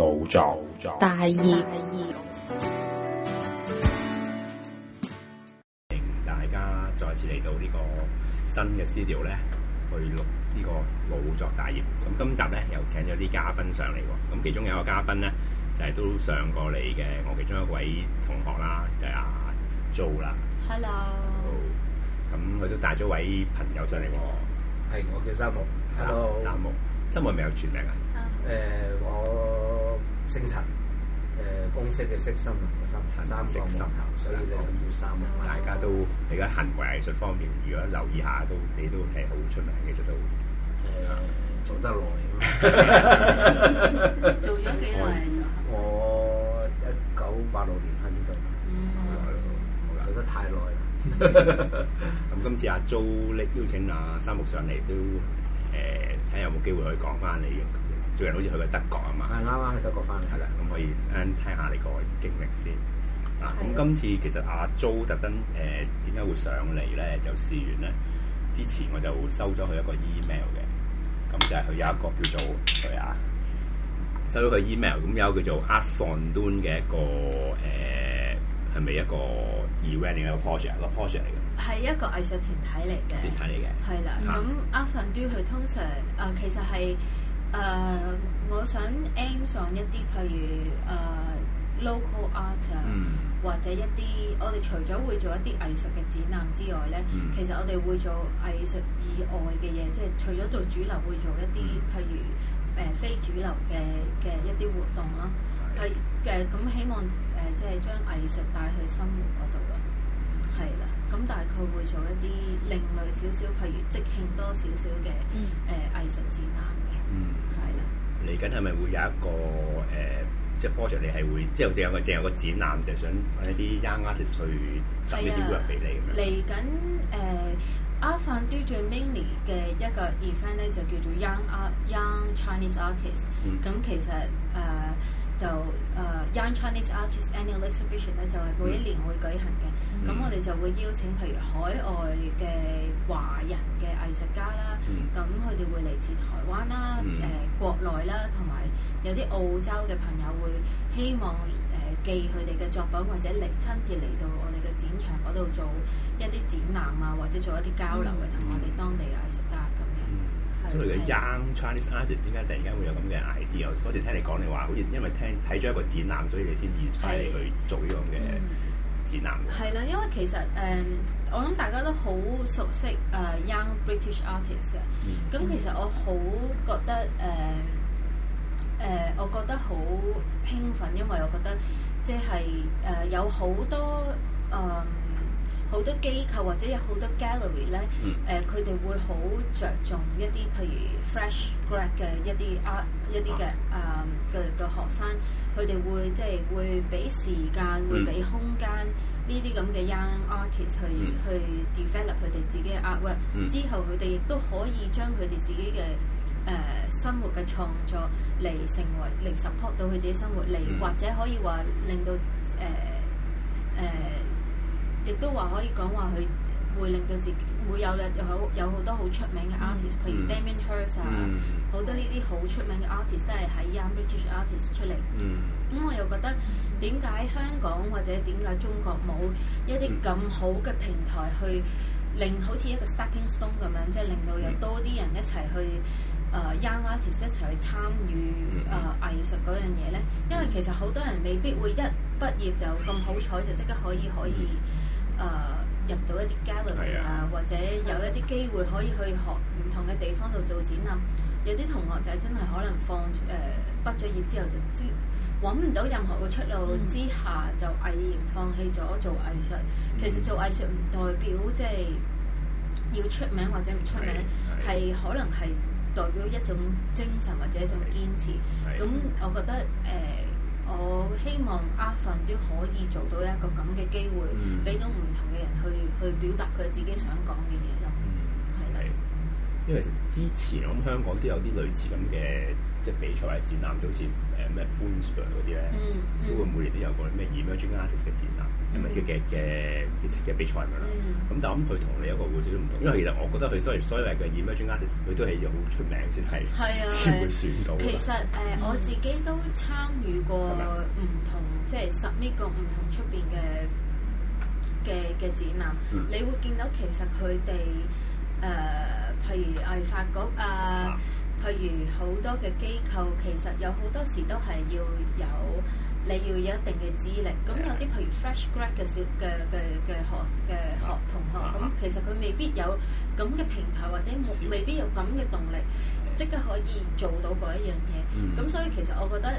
腦作大業義，歡迎 Bye. 大家再次嚟到呢個新嘅 studio 咧，去錄呢個腦作大業。咁今集咧又請咗啲嘉賓上嚟喎。咁其中有一個嘉賓咧就係、是、都上過嚟嘅，我其中一位同學啦，就阿、是啊、Jo 啦。Hello。好。咁佢都帶咗位朋友上嚟喎。係 Hello. 我叫三木。Hello 三。三木。三木係咪有全名啊？三。誒，我。星塵，誒，光色嘅色心同個心塵，三色心頭，所以咧就叫三木，大家都你而家行為藝術方面，如果留意下，都你都係好出名嘅，其實都誒，做得耐，做咗幾耐？我一九八六年開始做，好耐咯，做得太耐啦。咁今次阿 Jo 力邀請阿三木上嚟，都誒睇下有冇機會可以講翻你，最近好似去過德國啊嘛，係啱啱去德國翻嚟，係啦，咁可以啱聽下你個經歷先。嗱、嗯，咁、啊、今次其實阿、啊、Jo 特登誒，點、呃、解會上嚟咧？就試完咧，之前我就收咗佢一個 email 嘅，咁、嗯、就係、是、佢有，有一個叫做佢啊，收咗個 email，咁有叫做 Art Fondoon 嘅一個誒，係、呃、咪一個 event 一個 project 一個 project 嚟嘅？係一個藝術團體嚟嘅，團體嚟嘅，係啦的。咁 Art Fondoon 佢通常誒、呃，其實係。誒，uh, 我想 aim 上一啲，譬如誒、uh, local art 啊，mm. 或者一啲我哋除咗會做一啲藝術嘅展覽之外咧，mm. 其實我哋會做藝術以外嘅嘢，即係除咗做主流會做一啲，mm. 譬如誒、呃、非主流嘅嘅一啲活動咯。係嘅、mm.，咁希望誒即係將藝術帶去生活嗰度啊，係啦。咁大概佢會做一啲另類少少，譬如即興多少少嘅誒藝術展覽嘅。嗯，係啦的。嚟緊係咪會有一個誒，即 project 你係會即係淨係個淨係個展覽，就係、是、想一啲 young artist 去執呢啲 work 俾、啊、你咁樣？嚟緊誒，Art Foundation Mini 嘅一個 event 咧就叫做 Young Art, Young Chinese Artists。嗯，咁、嗯、其實誒。呃就誒、uh, Young Chinese Artist Annual Exhibition 咧，就係每一年會舉行嘅。咁、嗯、我哋就會邀請譬如海外嘅華人嘅藝術家啦，咁佢哋會嚟自台灣啦、誒、嗯呃、國內啦，同埋有啲澳洲嘅朋友會希望誒寄佢哋嘅作品，或者嚟親自嚟到我哋嘅展場度做一啲展覽啊，或者做一啲交流嘅，同、嗯嗯、我哋當地嘅藝術家。咁嚟嘅 young Chinese artist 點解突然間會有咁嘅 idea？嗰時聽你講你話，好似因為聽睇咗一個展覽，所以你先至帶你去做呢個嘅展覽。係啦，嗯、因為其實誒，um, 我諗大家都好熟悉誒、uh, young British artist 嘅。咁、嗯、其實我好覺得誒誒，uh, uh, 我覺得好興奮，因為我覺得即係誒有好多誒。Uh, 好多機構或者有好多 gallery 咧，誒佢哋會好着重一啲，譬如 fresh grad 嘅一啲 art 一啲嘅誒嘅嘅學生，佢、um, 哋、啊、會即係、就是、會俾時間，嗯、會俾空間呢啲咁嘅 young artist 去、嗯、去 develop 佢哋自己嘅 artwork、嗯、之後佢哋亦都可以將佢哋自己嘅誒、uh, 生活嘅創作嚟成為嚟 support 到佢自己生活，嚟、嗯、或者可以話令到誒誒。Uh, uh, 亦都話可以講話佢會令到自己會有咧，有有好多好出名嘅 artist，譬如 Damien Hirst 啊，好、mm hmm. 多呢啲好出名嘅 artist 都係喺 Young British Artist 出嚟。咁、mm hmm. 我又覺得點解香港或者點解中國冇一啲咁好嘅平台去令、mm hmm. 好似一個 Stepping Stone 咁樣，即、就、係、是、令到有多啲人一齊去誒、uh, Young Artist 一齊去參與誒、uh, 藝術嗰樣嘢咧？因為其實好多人未必會一畢業就咁好彩就即刻可以可以。誒、uh, 入到一啲 gallery 啊，Yeah. 或者有一啲機會可以去學唔同嘅地方度做展啊。有啲同學仔真係可能放誒畢咗業之後就知揾唔到任何嘅出路之下，mm. 就毅然放棄咗做藝術。Mm. 其實做藝術唔代表即係、就是、要出名或者唔出名，係 Yeah. 可能係代表一種精神或者一種堅持。咁 Yeah. 我覺得誒。呃我希望 Artform 都可以做到一個咁嘅機會，俾、嗯、到唔同嘅人去去表達佢自己想講嘅嘢咯。係啦係，因為之前我諗香港都有啲類似咁嘅。即係比賽嘅展覽，就好似誒咩潘相嗰啲咧，嗯、都會每年都有個咩 Emerging Artists 嘅展覽，係咪、嗯、即嘅嘅嘅嘅比賽嚟㗎？咁、嗯、但咁佢同你有個回事都唔同，因為其實我覺得佢所謂所謂嘅 Emerging Artists 佢都係要好出名先係先會選到其實，誒，呃嗯、我自己都參與過唔同嗎即係十幾個唔同出邊嘅嘅嘅展覽，嗯、你會見到其實佢哋誒，譬如藝發局啊。呃呃呃呃譬如好多嘅機構，其實有好多時都係要有你要有一定嘅資歷，咁有啲譬如 fresh grad 嘅小嘅嘅嘅學嘅學,學同學，咁、啊、其實佢未必有咁嘅平台或者未必有咁嘅動力，即的刻可以做到嗰一樣嘢。咁、嗯、所以其實我覺得誒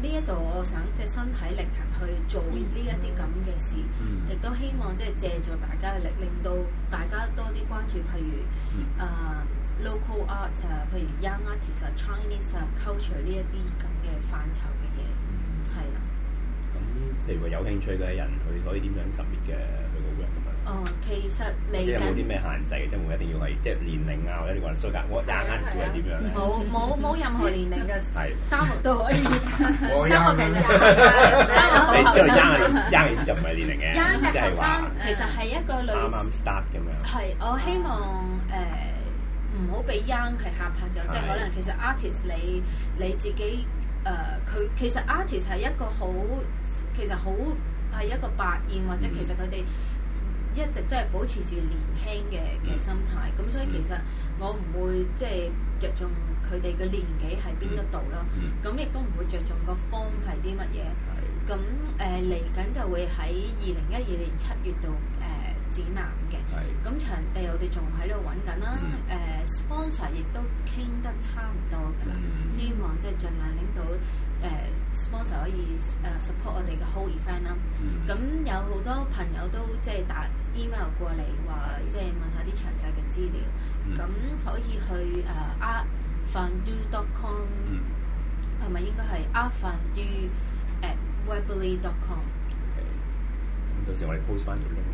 呢一度我想即身體力行去做呢一啲咁嘅事，亦都、嗯、希望即係借助大家嘅力，令到大家多啲關注，譬如啊。嗯 local art 啊，譬如 young artist 啊、Chinese 啊、culture 呢一啲咁嘅範疇嘅嘢，係啦。咁，如果有興趣嘅人，佢可以點樣入嚟嘅？去攞嘅咁啊。哦，其實你有冇啲咩限制嘅，即係一定要係即係年齡啊或者啲嗰啲所我 young artist 點樣？冇冇冇任何年齡嘅，三十都可以，三十其實三十好。你 young young 其實就唔係年齡嘅，即係話其實係一個女啱啱 start 咁樣。係，我希望誒。唔好俾 young 係嚇怕咗，的即係可能其實 artist 你你自己，誒佢其實 artist 係一個好，其實好係一,一個百厭或者其實佢哋一直都係保持住年輕嘅嘅心態，咁、嗯、所以其實我唔會即係着重佢哋嘅年紀係邊一度咯，咁亦都唔會着重個 form 係啲乜嘢，咁誒嚟緊就會喺二零一二年七月度誒展覽嘅。呃咁場地我哋仲喺度揾緊啦，誒、嗯 uh, sponsor 亦都傾得差唔多㗎啦，嗯、希望即係儘量拎到誒、uh, sponsor 可以誒 support 我哋嘅 whole event 啦、啊。咁、嗯、有好多朋友都即係、就是、打 email 過嚟話，即係問下啲詳細嘅資料。咁、嗯、可以去誒 artfunddo.com 係咪應該係 artfunddo@webly.com？咁、okay. 到時我哋 post 翻咗。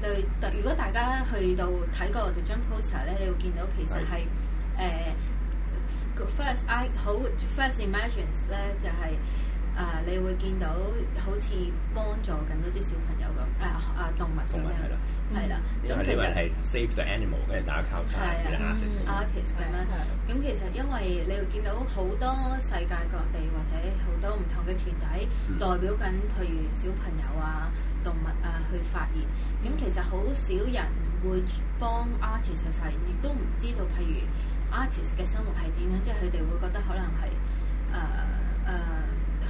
你特如果大家去到睇過我哋張 poster 咧，你會見到其實係誒是的、呃、first eye 好 first I imagines、就、咧、是，就係誒你會見到好似幫助緊嗰啲小朋友咁誒啊動物咁樣。係啦，咁其實係 save the animal，嘅打靠拍嘅啦 artist 咁樣，咁的的其實因為你會見到好多世界各地或者好多唔同嘅團體代表緊，譬如小朋友啊、動物啊去發言，咁其實好少人會幫 artist 去發言，亦都唔知道譬如 artist 嘅生活係點樣，即係佢哋會覺得可能係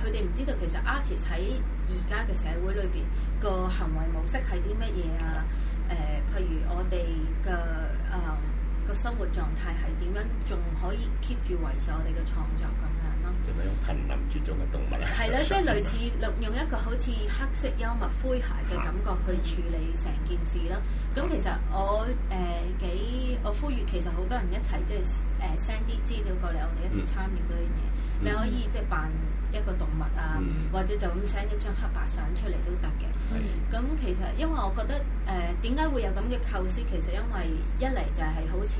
誒誒，佢哋唔知道其實 artist 喺而家嘅社會裏邊個行為模式係啲乜嘢啊？誒、呃，譬如我哋嘅誒個生活狀態係點樣？仲可以 keep 住維持我哋嘅創作咁。就係用種瀕臨絕種嘅動物。係啦，即係類似用一個好似黑色幽默、詼諧嘅感覺去處理成件事咯。咁、啊、其實我誒、呃、幾，我呼籲其實好多人一齊即係誒 send 啲資料過嚟，我哋一齊參與嗰樣嘢。嗯、你可以即係、嗯、扮一個動物啊，嗯、或者就咁 send 一張黑白相出嚟都得嘅。咁、嗯、其實因為我覺得誒點解會有咁嘅構思，其實因為一嚟就係好似。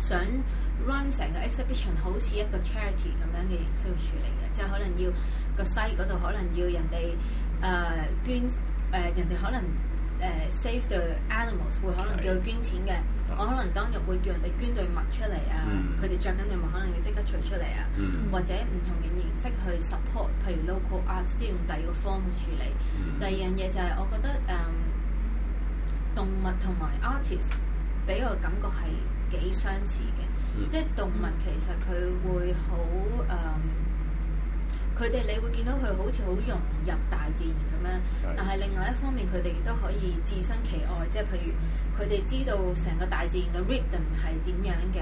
想 run 成個 exhibition 好似一個 charity 咁樣嘅形式去處理嘅，即係可能要個 site 嗰度可能要人哋誒、呃、捐誒、呃，人哋可能誒、呃、save the animals 會可能叫佢捐錢嘅。的我可能當日會叫人哋捐對襪出嚟啊，佢哋着緊對襪，可能要即刻除出嚟啊，嗯、或者唔同嘅形式去 support，譬如 local arts，先用第二個 form 去處理。嗯、第二樣嘢就係我覺得誒、呃、動物同埋 artist 俾我感覺係，幾相似嘅，嗯、即係動物其實佢會好誒，佢、嗯、哋你會見到佢好似好融入大自然咁樣，的但係另外一方面佢哋亦都可以置身其外，即係譬如佢哋知道成個大自然嘅 rhythm 係點樣嘅，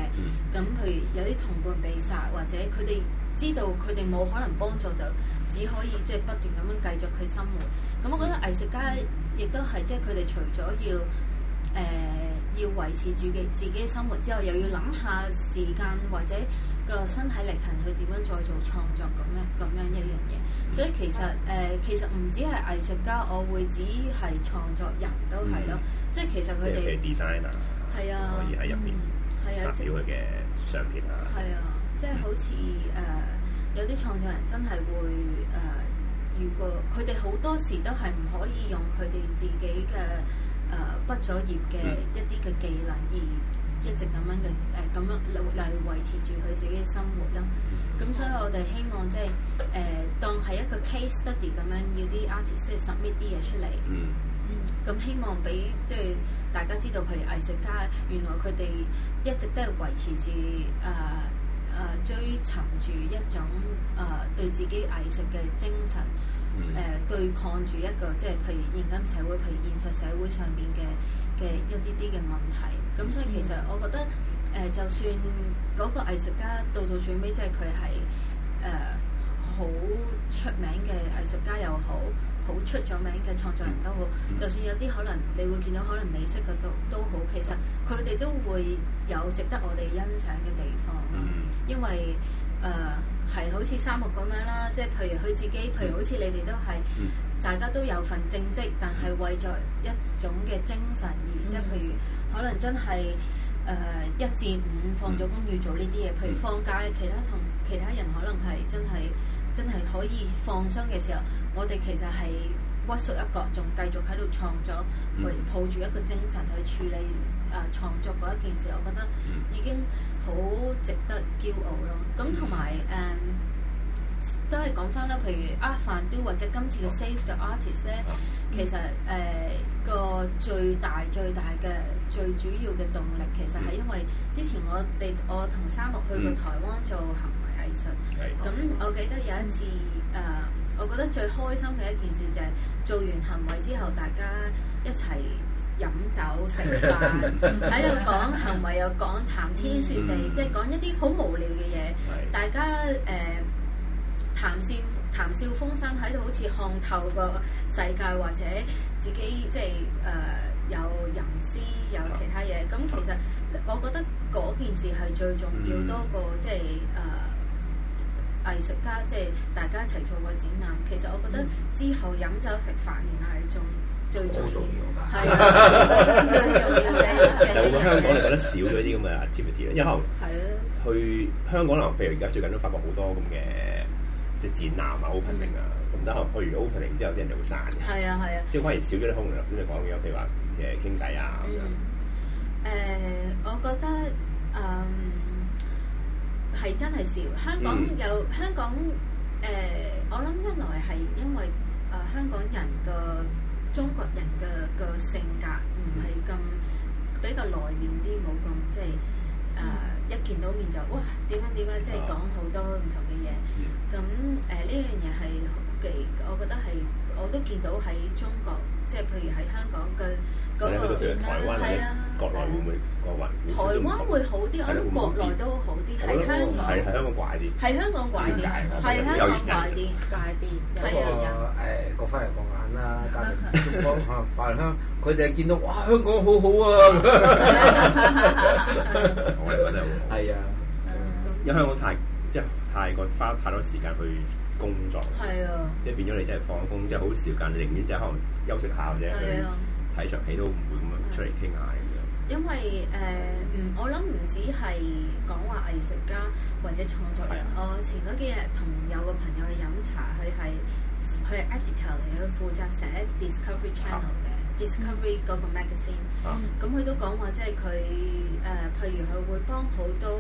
咁、嗯、譬如有啲同伴被殺，或者佢哋知道佢哋冇可能幫助就只可以即係不斷咁樣繼續去生活，咁我覺得藝術家亦都係即係佢哋除咗要。誒、呃、要維持住嘅自己生活之後，又要諗下時間或者個身體力行去點樣再做創作咁嘅咁樣一樣嘢。所以其實誒、呃，其實唔止係藝術家，我會只係創作人都係咯。嗯、即係其實佢哋係設計啊，嗯、啊可以喺入邊啊，表佢嘅相片啊。係啊，即、就、係、是嗯、好似誒、呃，有啲創作人真係會誒。呃如果佢哋好多時都係唔可以用佢哋自己嘅誒畢咗業嘅一啲嘅技能，而一直咁樣嘅誒咁樣嚟維持住佢自己嘅生活啦，咁、嗯、所以我哋希望即係誒當係一個 case study 咁樣要啲 artist submit 啲嘢出嚟，嗯，咁、嗯、希望俾即係大家知道佢係藝術家，原來佢哋一直都係維持住誒。呃誒追尋住一種誒對自己藝術嘅精神，誒、mm hmm. 呃、對抗住一個即係譬如現今社會、譬如現實社會上邊嘅嘅一啲啲嘅問題，咁所以其實我覺得誒、呃，就算嗰個藝術家到到最尾，即係佢係誒好出名嘅藝術家又好。好出咗名嘅創作人都好，嗯、就算有啲可能你會見到可能美式嗰度都，都好，其實佢哋都會有值得我哋欣賞嘅地方，嗯、因為誒係、呃、好似三木咁樣啦，即、就、係、是、譬如佢自己，譬如好似你哋都係，嗯、大家都有份正職，但係為咗一種嘅精神而，嗯、即係譬如可能真係誒一至五放咗工要做呢啲嘢，嗯、譬如放假其他同其他人可能係真係。真係可以放鬆嘅時候，我哋其實係屈縮一角，仲繼續喺度創作，去抱住一個精神去處理啊、呃、創作嗰一件事，我覺得已經好值得驕傲咯。咁同埋誒。都係講翻啦，譬如阿凡都或者今次嘅 Save the Artists 咧、啊，其實誒個最大、最大嘅最，最主要嘅動力，其實係因為之前我哋我同三木去過台灣做行為藝術。咁、嗯、我記得有一次誒、呃，我覺得最開心嘅一件事就係做完行為之後，大家一齊飲酒食飯，喺度 講行為又講談天說地，嗯、即係講一啲好無聊嘅嘢，嗯、的大家誒。呃談笑、談笑風生喺度，好似看透個世界，或者自己即係誒、呃、有吟詩，有其他嘢。咁、嗯、其實我覺得嗰件事係最重要多過、嗯、即係誒、呃、藝術家，即係大家一齊做個展覽。其實我覺得之後飲酒食飯原來係最重要。係啊，最重要嘅一樣嘢、嗯。因為少咗啲咁嘅節目啲啦，因為可能去香港譬如而家最近都發覺好多咁嘅。即展覽啊，opening 啊，咁都可能去完 opening 之後，啲人就會散嘅。係啊，係啊、嗯，即反而少咗啲交流先嚟講嘢，譬如話誒傾偈啊咁樣。誒、呃，我覺得誒係、嗯、真係少。香港有、嗯、香港誒、呃，我諗一來係因為誒、呃、香港人嘅中國人嘅個性格唔係咁比較內斂啲，冇咁，即係。誒，嗯、一見到面就哇，點樣點樣？即係講好多唔同嘅嘢。咁誒、啊，呢樣嘢係。我覺得係，我都見到喺中國，即係譬如喺香港嘅嗰個台灣，係啊，國內會唔會過雲？台灣會好啲，我諗國內都好啲，喺香港係香港怪啲，係香港怪啲，係香港怪啲，怪啲，係啊，誒，各花入各眼啦，隔離方下返鄉，佢哋見到哇，香港好好啊，我哋係啊，因為香港太即係太過花太多時間去工作係啊，即係變咗你真係放工，即係好少時間，你寧願就可能休息下啫，係去睇場戲都唔會咁樣出嚟傾下咁樣。啊、樣因為誒嗯、呃，我諗唔止係講話藝術家或者創作人，啊、我前幾日同有個朋友去飲茶，佢係佢係 editor 嚟，佢負、ER, 責寫、啊、Discovery Channel 嘅 Discovery 個 magazine、啊。咁佢都講話，即係佢誒譬如佢會幫好多誒、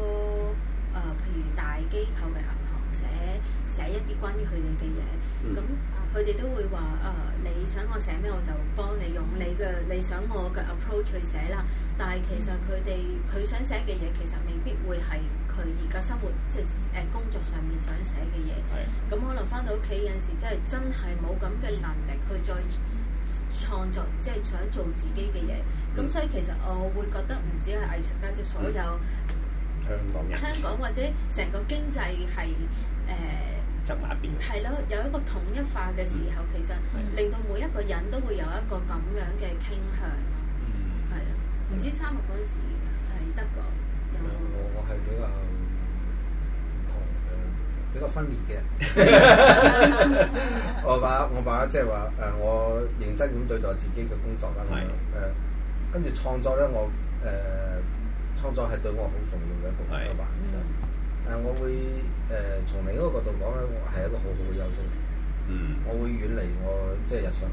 呃、譬如大機構嘅。寫寫一啲關於佢哋嘅嘢，咁佢哋都會話誒、呃，你想我寫咩，我就幫你用、嗯、你嘅你想我嘅 approach 去寫啦。但係其實佢哋佢想寫嘅嘢，其實未必會係佢而家生活即係誒工作上面想寫嘅嘢。咁、嗯、可能返到屋企有陣時，真係真係冇咁嘅能力去再創作，即、就、係、是、想做自己嘅嘢。咁、嗯、所以其實我會覺得唔止係藝術家，即、就是、所有，香港人，嗯、香港或者成個經濟係誒集埋一邊，係咯，有一個統一化嘅時候，其實令到每一個人都會有一個咁樣嘅傾向，嗯，係、呃、啊，唔知三木嗰陣時喺德國又我我係比較比較分裂嘅，我爸，我爸即係話誒，我認真咁對待自己嘅工作啦，誒、 嗯，跟住創作咧，我誒。呃嗯嗯創作係對我好重要嘅一步，係嘛？誒，我會誒從、呃、另一個角度講咧，我係一個好好嘅休息。嗯。我會遠離我即係日常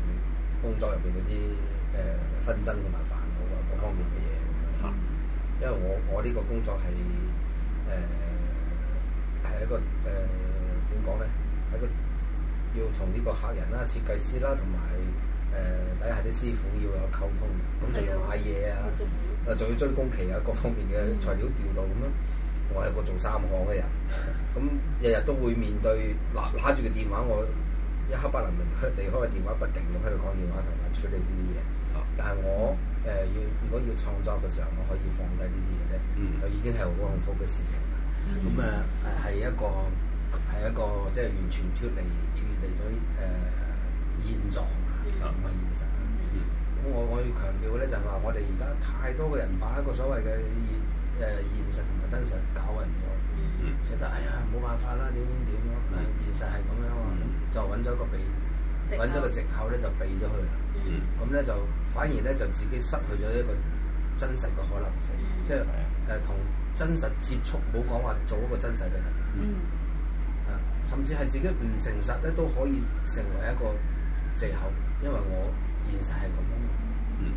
工作入邊嗰啲誒紛爭同埋煩惱啊各方面嘅嘢咁。因為我我呢個工作係誒係一個誒點講咧，係、呃、一個要同呢個客人啦、設計師啦同埋。誒，底下啲師傅要有溝通，咁仲要買嘢啊，啊，仲要追工期啊，各方面嘅材料調度咁咯。我係一個做三行嘅人，咁日日都會面對嗱，拿住個電話，我一刻不能離開個電話，不停咁喺度講電話同埋處理呢啲嘢。但係我誒要如果要創作嘅時候，我可以放低呢啲嘢咧，就已經係好幸福嘅事情啦。咁誒係一個係一個即係完全脫離脫離咗誒現狀。唔係現實。咁我我要強調咧，就係話我哋而家太多嘅人把一個所謂嘅現誒現實同埋真實搞混咗。嗯，所以哎呀，冇辦法啦，點點點咯。啊，現實係咁樣，就搵咗個避搵咗個藉口咧，就避咗佢啦。嗯，咁咧就反而咧就自己失去咗一個真實嘅可能性。即係誒同真實接觸，冇講話做一個真實嘅人。嗯，啊，甚至係自己唔誠實咧，都可以成為一個藉口。因為我現實係咁樣，嗯，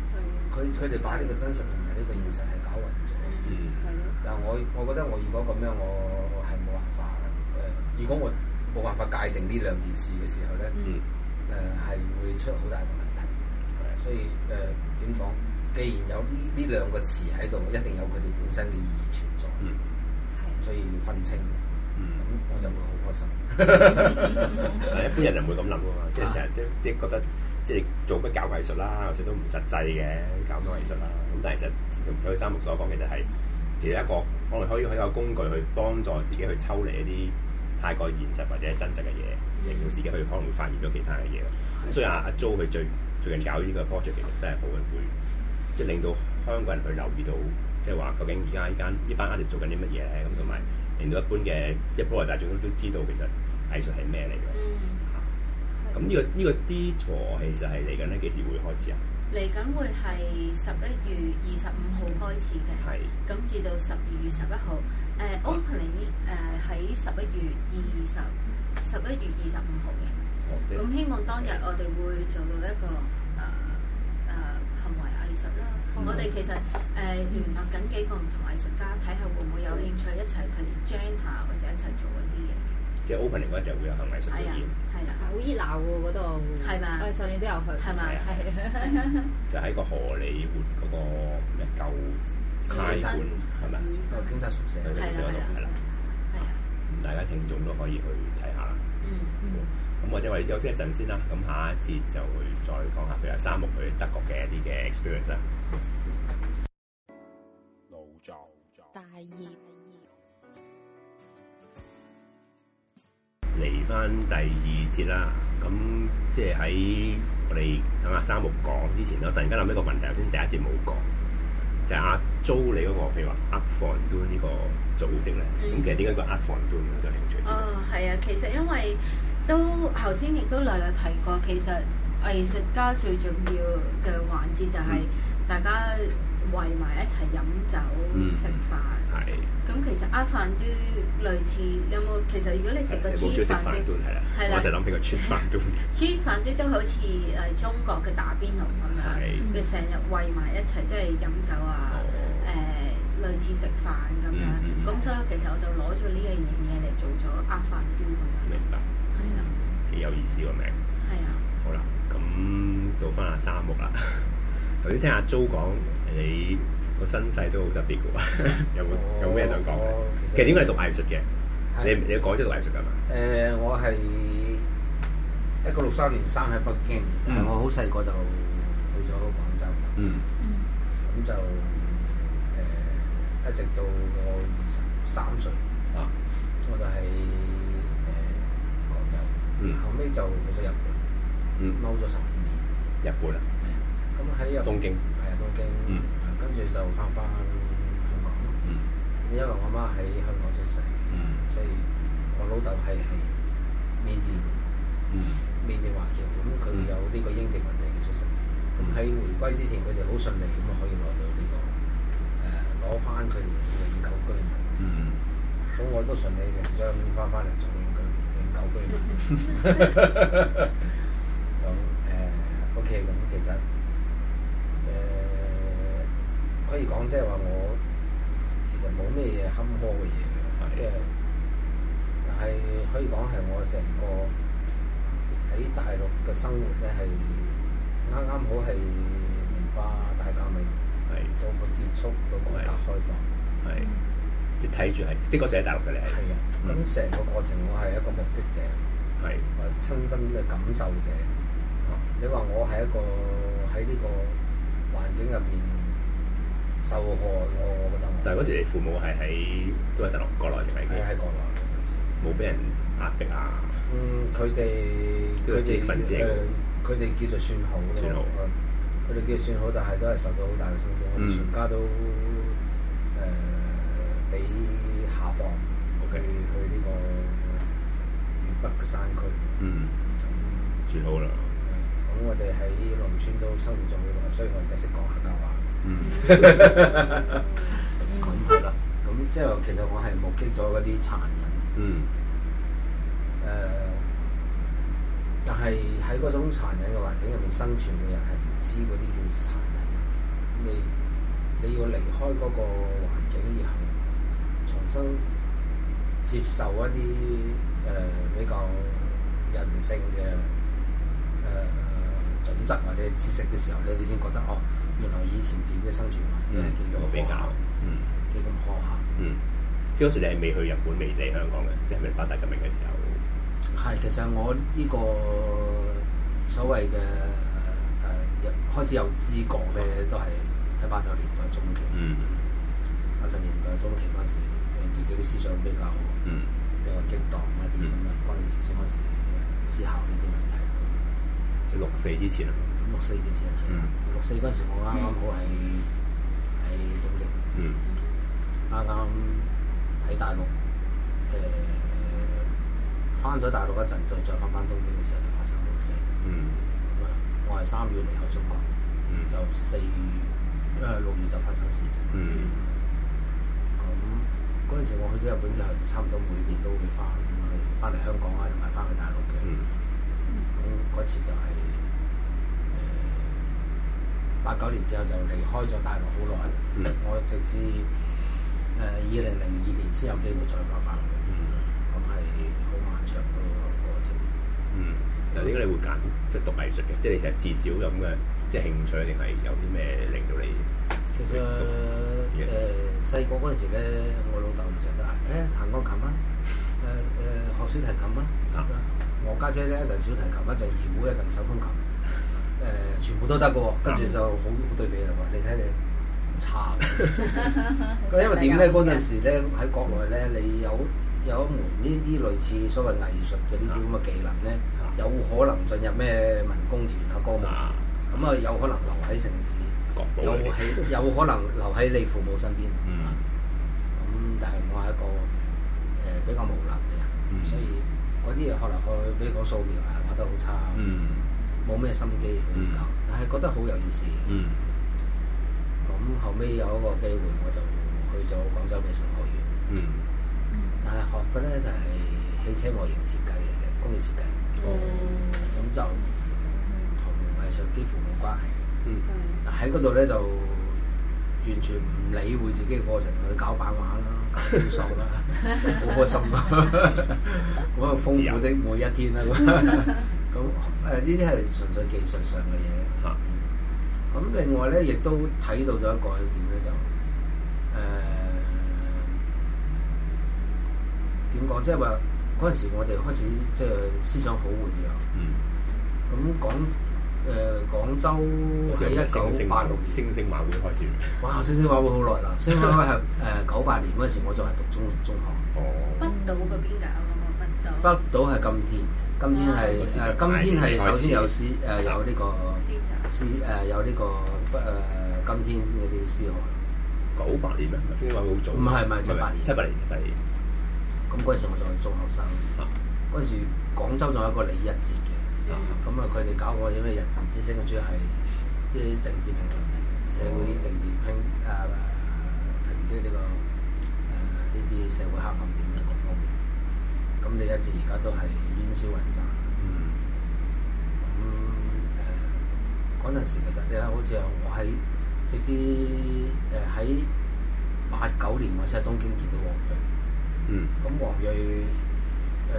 佢佢哋把呢個真實同埋呢個現實係搞混咗，嗯，係咯。但係我我覺得我如果咁樣，我我係冇辦法嘅。如果我冇辦法界定呢兩件事嘅時候咧，嗯，誒係會出好大嘅問題。所以誒點講？既然有呢呢兩個詞喺度，一定有佢哋本身嘅意義存在。嗯，所以要分清。嗯，咁我就會好開心。係一般人就唔會咁諗㗎嘛，即係成日都即係覺得。即係做乜搞藝術啦，或者都唔實際嘅搞咁多藝術啦。咁但係其實同佢三木所講，其實係其實一個可能可以係一個工具去幫助自己去抽離一啲太過現實或者真實嘅嘢，令到自己去可能會發現到其他嘅嘢。咁所以阿阿 Jo 佢最最近搞呢個 project 其實真係好嘅，會即係令到香港人去留意到，即係話究竟而家呢間呢班 artist 做緊啲乜嘢咧？咁同埋令到一般嘅即係普羅大眾都都知道其實藝術係咩嚟嘅。嗯咁呢、這個呢、這個啲坐戲就係嚟緊咧，幾時會開始啊？嚟緊會係十一月二十五號開始嘅，係是。咁至到十二月十一號，誒、呃、opening 喺十一月二十十一月二十五號嘅。哦。咁希望當日我哋會做到一個誒誒是、呃、行為藝術啦。吧我哋其實誒聯、呃、絡緊幾個唔同藝術家，睇下會唔會有興趣、嗯、一齊譬如 jam 下或者一齊做嗰啲嘢。即係 opening 嗰陣就會有行為藝術表演。係啊，係啊，好熱鬧喎嗰度，係嘛？我哋上年都有去，係嘛？係就喺個荷里活嗰個咩舊街館，係咪？個警察宿舍係啦，係啊，大家聽眾都可以去睇下啦。嗯，咁或者我哋休息一陣先啦，咁下一節就再講下譬如話三木去德國嘅一啲嘅 experience。啊。腦作大業。嚟翻第二節啦，咁即係喺我哋等阿三木講之前，我突然間諗一個問題，頭先第一節冇講，就係押租你嗰個，譬如話押房端呢個組織咧，咁、嗯、其實點解叫押房端？就係唔出聲。哦，係啊，其實因為都頭先亦都略略提過，其實藝術家最重要嘅環節就係、是嗯、大家。圍埋一齊飲酒食飯，係，咁其實呃飯啲類似，有冇？其實如果你食個 Cheers 飯端，係啦，係啦，我成日諗起個 Cheers 飯端。Cheers 飯啲都好似誒中國嘅打邊爐咁樣，佢成日圍埋一齊，即係飲酒啊，誒類似食飯咁樣。咁所以其實我就攞咗呢樣嘢嚟做咗呃飯端咁樣。明白。係啊。幾有意思個名。係啊。好啦，咁做翻阿三木啦。頭先聽阿 Jo 講，你個身世都好特別嘅喎，有冇有咩想講？其實點解讀藝術嘅？你你咗都讀藝術㗎？誒，我係一九六三年生喺北京，我好細個就去咗廣州。嗯。咁就誒，一直到我二十三歲啊，我就係誒廣州，後尾就去咗日本，踎咗十五年。日本啊！咁喺入，係啊，東京，嗯、跟住就翻翻香港，嗯、因為我媽喺香港出世，嗯、所以我老豆係係緬甸，嗯，緬甸華僑，咁佢有呢個英殖民地嘅出身，咁喺、嗯、回歸之前佢哋好順利咁可以攞到呢、這個誒攞翻佢哋嘅永久居民，咁、嗯、我都順理成章翻翻嚟做永居，永久居民，咁誒，OK，咁其實。可以講，即係話我其實冇咩嘢坎坷嘅嘢嘅，即係的、就是、但係可以講係我成個喺大陸嘅生活咧，係啱啱好係文化大革命的到結結束，到改革開放，即睇住係即係嗰時喺大陸嘅你係啊，咁成個過程我係一個目擊者，或者親身嘅感受者。的嗯、你話我係一個喺呢個環境入面。受害我，我覺得。但係嗰時你父母係喺都係大陸國內定係喺國內？冇俾人壓迫啊！嗯，佢哋佢誒佢哋叫做算好。算好。佢哋叫算好，但係都係受到好大嘅傷害，嗯、我哋全家都誒俾、呃、下放 Okay. 去去呢個粵北嘅山區。嗯。算好啦。咁、嗯嗯、我哋喺農村都生活咗好耐，所以我而家識講客家話。嗯，咁係啦，咁即係其實我係目擊咗嗰啲殘忍。嗯。誒，但係喺嗰種殘忍嘅環境入面生存嘅人係唔知嗰啲叫殘忍嘅。你你要離開嗰個環境以後，重新接受一啲誒比較人性嘅誒準則或者知識嘅時候咧，你先覺得哦。原來以前自己嘅生存環境係幾咁苛刻，嗯，幾咁苛刻。嗯，當時你係未去日本，未嚟香港嘅，即係未八達革命嘅時候。係，其實我呢個所謂嘅誒開始有知覺嘅都係喺八十年代中期。嗯，八十年代中期嗰陣時，自己嘅思想比較嗯比較激盪啊啲咁啊，嗰陣、嗯、時先開始思考呢啲問題。嗯嗯嗯、即係六四之前啊？六四之前，時、嗯，六四嗰陣時我啱啱，我啱啱好係喺東京，啱啱喺大陸誒，翻、呃、咗大陸嗰陣，再再翻返東京嘅時候，就發生六四。咁啊、嗯嗯，我係三月離開中國，嗯、就四月因誒、嗯、六月就發生事情。咁嗰陣時，我去咗日本之後，就差唔多每年都會翻，翻嚟香港啊，同埋翻去大陸嘅。咁嗰、嗯嗯、次就係。八九年之後就離開咗大陸好耐，我直至誒二零零二年先有機會再返返嚟，咁係好漫長嗰個過程。嗯，嗱，點解你會揀即係讀藝術嘅？即係你成日自小有咁嘅即係興趣，定係有啲咩令到你？其實誒導、呃、細個嗰陣時咧，我老豆成日都係誒彈鋼琴啊，誒、呃、誒學小提琴啊，啊我家姐咧就小提琴啦，就二胡啦，就手風琴。誒、呃、全部都得嘅喎，跟住就好好對比啦嘛。你睇你差嘅， 因為點咧？嗰陣 時咧喺國內咧，你有有一門呢啲類似所謂藝術嘅呢啲咁嘅技能咧，有可能進入咩文工團啊、歌舞團，咁啊 有可能留喺城市，有喺 有可能留喺你父母身邊。咁但係我係一個誒、呃、比較無能嘅人， 所以嗰啲嘢可能去比如講素描啊，畫得好差。 冇咩心機去搞，嗯、但係覺得好有意思。咁、嗯、後尾有一個機會，我就去咗廣州美術學院。嗯、但係學嘅咧就係、是、汽車外形設計嚟嘅工業設計。咁、嗯、就同藝術幾乎冇關係。嗱喺嗰度咧就完全唔理會自己嘅課程去搞版畫啦、雕塑啦，好開心啦，好 有豐富的每一天啦，咁。 誒呢啲係純粹技術上嘅嘢，咁、嗯、另外咧亦都睇到咗一個一點咧就誒點講，即係話嗰陣時我哋開始即係思想好活躍，咁廣誒廣州喺一九八六年星星晚會，會開始。哇！星星晚會好耐啦， 星星晚會係九八年嗰陣時，我就係讀中中學。中學哦、北島嗰邊㗎，北島。北島係今天。今天係、啊、今天係首先有史誒、啊、的有呢個史誒、 啊、有呢、這個不誒、呃，今天先啲史學九八年啊，先話好早。唔係唔係七八年，七八年係。咁嗰陣時我仲係中學生，嗰陣、啊、時廣州仲有一個李一哲嘅，咁啊佢哋、嗯嗯、搞過啲咩人民之聲，主要係啲政治評論、哦、社會政治拼啊，即啲呢個誒啲啲社會黑暗。咁你一直而家都係煙消雲散，嗯。咁嗰陣時其實你好似我喺直至誒喺八九年或者喺東京見到黃鋭，嗯。咁黃鋭誒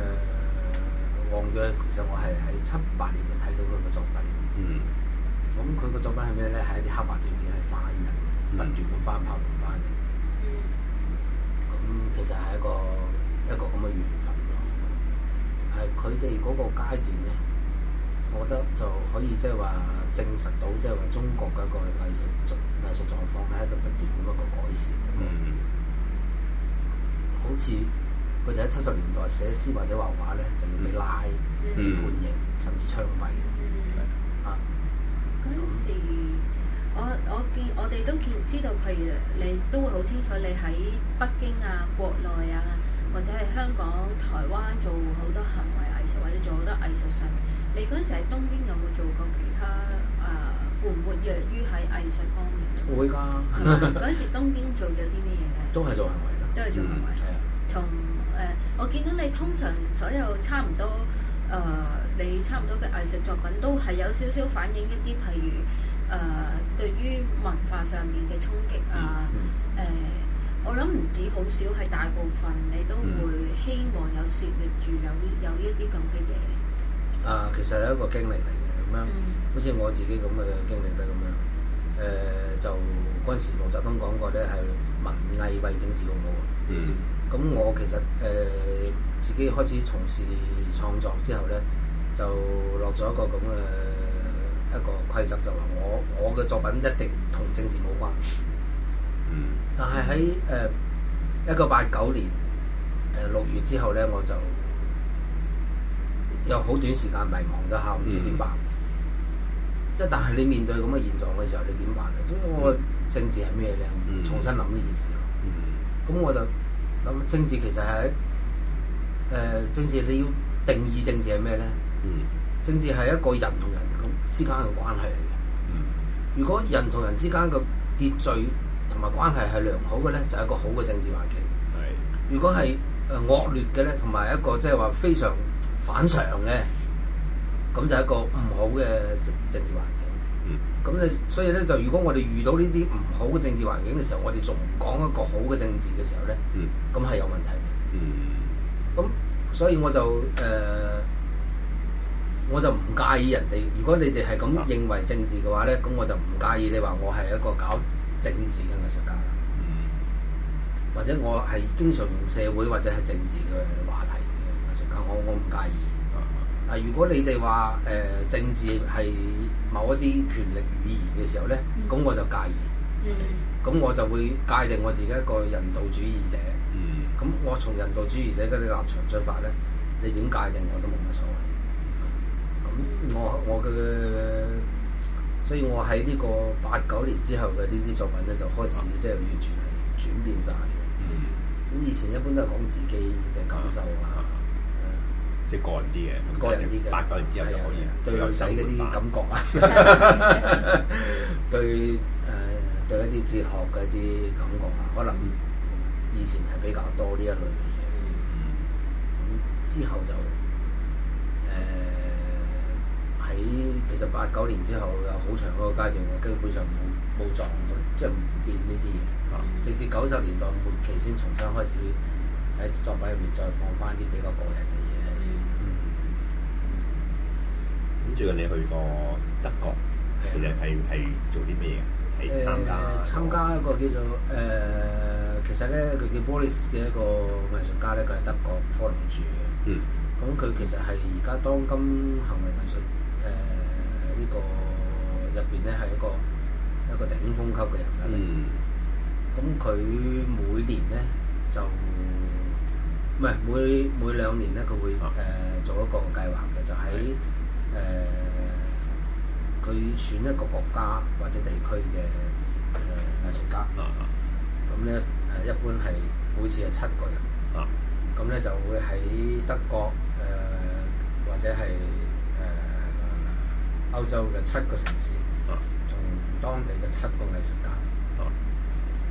黃鋭，其實我係喺七八年就睇到佢嘅作品，嗯。咁佢個作品係咩咧？係一啲黑白照片，係反人，不斷咁翻拍同翻嚟，嗯。咁其實係一個一個咁嘅緣分。係佢哋嗰個階段咧，我覺得就可以即係話證實到即係話中國嘅一個藝術狀藝術狀況喺度不斷咁一個改善個。嗯、好似佢哋喺七十年代寫詩或者畫畫咧，就要被拉、被判刑，甚至槍斃。嗯嗯。嗰、 啊、時我我見我哋都見，見知道譬如你都會好清楚你喺北京啊國內啊。或者係香港、台灣做好多行為藝術，或者做好多藝術上面。你嗰陣時喺東京有冇做過其他？誒、呃，活唔活躍於喺藝術方面？會㗎。嗰陣時東京做咗啲咩嘢咧？都係做行為㗎。都係做行為。同誒、嗯呃，我見到你通常所有差唔多誒、呃，你差唔多嘅藝術作品都係有少少反映一啲，譬如誒、呃，對於文化上面嘅衝擊啊，誒、嗯。嗯呃我諗唔止好少，係大部分你都會希望有涉獵住有有一啲咁嘅嘢。啊，其實係一個經歷嚟嘅，咁樣，好似、嗯、我自己咁嘅經歷咧，咁樣，誒，就嗰陣時毛澤，毛澤東講過咧，係文藝為政治服務。咁、嗯嗯、我其實誒、呃、自己開始從事創作之後咧，就落咗一個咁嘅一個規則，就話我我嘅作品一定同政治冇關。嗯、但係喺誒一九八九年誒六、呃、月之後咧，我就有好短時間迷茫咗下，唔知點辦。即係、嗯，但係你面對咁嘅現狀嘅時候，你點辦咧？咁我政治係咩咧？重新諗呢件事咯。咁我就諗政治其實係誒、呃、政治，你要定義政治係咩咧？嗯、政治係一個人同人咁之間嘅關係嚟嘅。嗯、如果人同人之間嘅秩序，同埋關係係良好嘅呢，就係、是、一個好嘅政治環境。的如果係誒、呃、惡劣嘅呢，同埋一個即係話非常反常嘅，咁就係一個唔好嘅政政治環境。嗯，咁你，所以呢，就如果我哋遇到呢啲唔好嘅政治環境嘅時候，我哋仲講一個好嘅政治嘅時候呢，嗯，咁係有問題嘅。咁、嗯、所以我就誒、呃，我就唔介意人哋。如果你哋係咁認為政治嘅話呢，咁我就唔介意你話我係一個搞，政治嘅藝術家，嗯、或者我係經常用社會或者係政治嘅話題嘅藝術家，我我唔介意。啊、嗯，如果你哋話誒政治係某一啲權力語言嘅時候呢，咁、嗯、我就介意。咁、嗯、我就會界定我自己一個人道主義者。咁、嗯、我從人道主義者嗰啲立場出發呢，你點界定我都冇乜所謂。咁我我嘅。所以我喺呢個八九年之後嘅呢啲作品咧，就開始即係完全係轉變晒。咁、嗯、以前一般都係講自己嘅感受啊，啊即係個人啲嘅。個人啲嘅。八九年之後就可以啊，對女仔嗰啲感覺啊，對誒對一啲哲學嘅一啲感覺啊，可能以前係比較多呢一類嘅嘢。嗯、之後就誒。呃喺其實八九年之後有好長嗰個階段，我基本上冇冇作嘅，即係唔掂呢啲嘢，啊、直至九十年代末期先重新開始喺作品入面再放翻啲比較個人嘅嘢。咁、嗯嗯、最近你去過德國，嗯、其實係係做啲咩嘢？喺參加、呃、參加一個叫做誒、呃，其實咧佢叫 Boris 嘅一個藝術家咧，佢係德國科隆住嘅。咁佢、嗯、其實係而家當今行為藝術。個面呢個入邊咧係一個一個頂峰級嘅人物咧，咁佢、嗯、每年咧就唔係每每兩年咧，佢會誒、啊呃、做一個計劃嘅，就喺誒佢選一個國家或者地區嘅誒藝術家，咁咧誒一般係每次係七個人，咁咧、啊、就會喺德國誒、呃、或者係。歐洲嘅七個城市，同當地嘅七個藝術家，uh.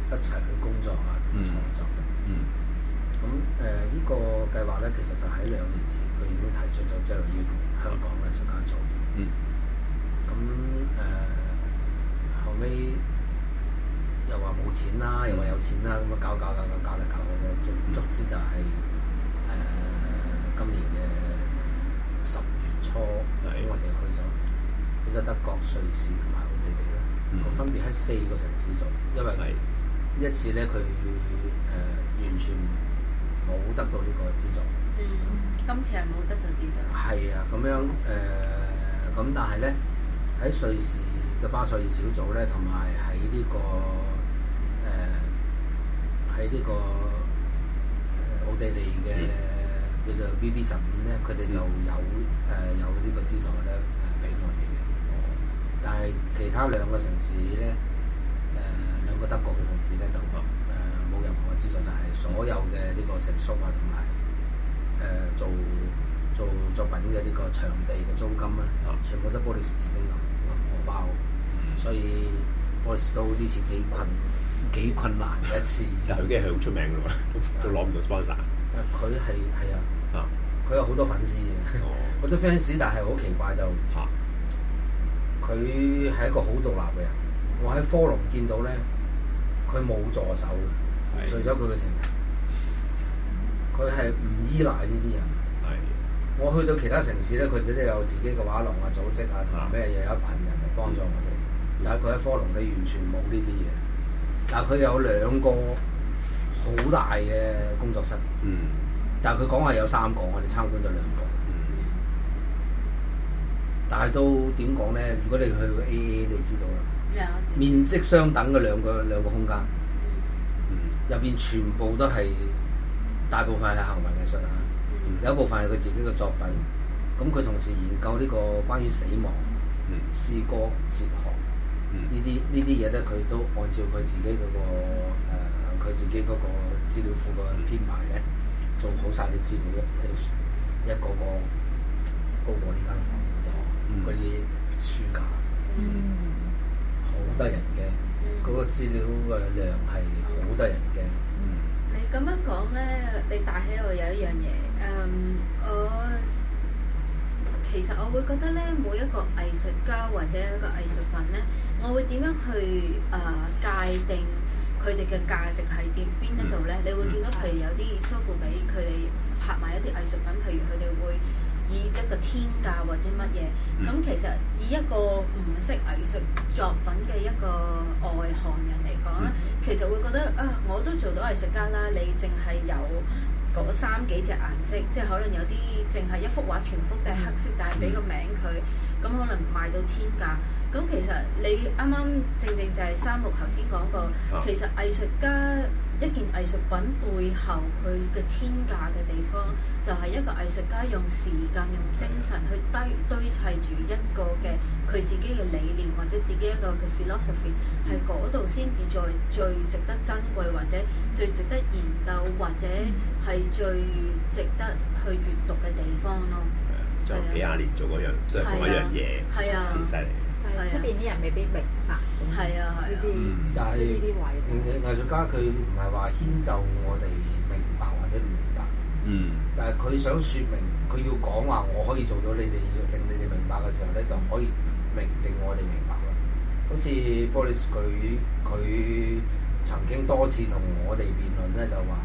一齊去工作嚇，創作嘅，um。嗯、呃。咁誒，呢個計劃咧，其實就喺兩年前，佢已經提出咗，即係要同香港藝術家做。嗯。咁誒、就是，後尾又話冇錢啦，又話有錢啦，咁啊搞搞搞搞搞嚟搞去，總之就係誒今年嘅十月初。係，我哋去。德國、瑞士同埋奧地利咧，嗯、分別喺四個城市做，因為一次咧佢誒完全冇得到呢個資助。嗯，今次係冇得到資、呢、助、個。係啊，咁樣誒咁、呃，但係咧喺瑞士嘅巴塞爾小組咧，同埋喺呢個誒喺呢個奧地利嘅叫做 B B 十五咧，佢哋就有誒、嗯呃、有呢個資助咧。但係其他兩個城市咧，誒、呃、兩個德國嘅城市咧就誒冇、呃、任何嘅資助，就係、是、所有嘅呢個食宿啊同埋誒做做作品嘅呢個場地嘅租金啦、啊，啊、全部都幫你自己攬荷包。嗯、所以我哋到呢次幾困幾困難嘅一次。 但佢經係好出名嘅喎，都攞唔到 sponsor。誒，佢係係啊，佢、啊、有好多粉絲，好 多 fans，但係好奇怪就嚇。 佢係一個好獨立嘅人。我喺科隆見到咧，佢冇助手嘅，的除咗佢嘅情人。佢係唔依賴呢啲人。的我去到其他城市咧，佢哋都有自己嘅畫廊啊、組織啊同埋咩嘢，有一群人嚟幫助我哋的、um。但係佢喺科隆，你完全冇呢啲嘢。但係佢有兩個好大嘅工作室。嗯的。但係佢講係有三個，我哋參觀咗兩個。但係都點講咧？如果你去過 A A，你知道啦。面積相等嘅兩個兩 個空間。入邊、 嗯、全部都係大部分係行為藝術嚇， 有部分係佢自己嘅作品。咁佢、 嗯、同時研究呢個關於死亡、詩、嗯、歌、哲學呢啲呢啲嘢咧，佢、嗯、都按照佢自己嗰個佢自己嗰個資料庫嘅編排咧，做好晒啲資料咯。一個個，一個，個，一個，個，個，個高過呢間房。個嘢説假，書架嗯，好得人驚，嗰、嗯、個資料嘅量係好得人驚。你咁樣講咧，你帶起度有一樣嘢，嗯，我其實我會覺得咧，每一個藝術家或者一個藝術品咧，我會點樣去誒、呃、界定佢哋嘅價值係點邊一度咧？嗯、你會見到、嗯、譬如有啲蘇富比佢哋拍賣一啲藝術品，譬如佢哋會。以一個天價或者乜嘢，咁、嗯、其實以一個唔識藝術作品嘅一個外行人嚟講咧，嗯、其實會覺得啊、呃，我都做到藝術家啦，你淨係有嗰三幾隻顏色，即係可能有啲淨係一幅畫全幅都係黑色，但係俾個名佢。咁可能賣到天價，咁其實你啱啱正正就係三木頭先講過，oh. 其實藝術家一件藝術品背後佢嘅天價嘅地方，就係、是、一個藝術家用時間用精神去堆堆砌住一個嘅佢自己嘅理念或者自己一個嘅 philosophy，係嗰度先至在最值得珍貴或者最值得研究或者係最值得去閲讀嘅地方咯。幾廿年做嗰樣，做、啊、一樣嘢，啊，先犀利。出邊啲人未必明白。係啊，呢啲。嗯，但係藝術家佢唔係話遷就我哋明白或者唔明白。嗯。但係佢想説明，佢要講話我可以做到你，你哋要令你哋明白嘅時候咧，就可以明令我哋明白啦。好似 Boris 佢佢曾經多次同我哋辯論咧，就話，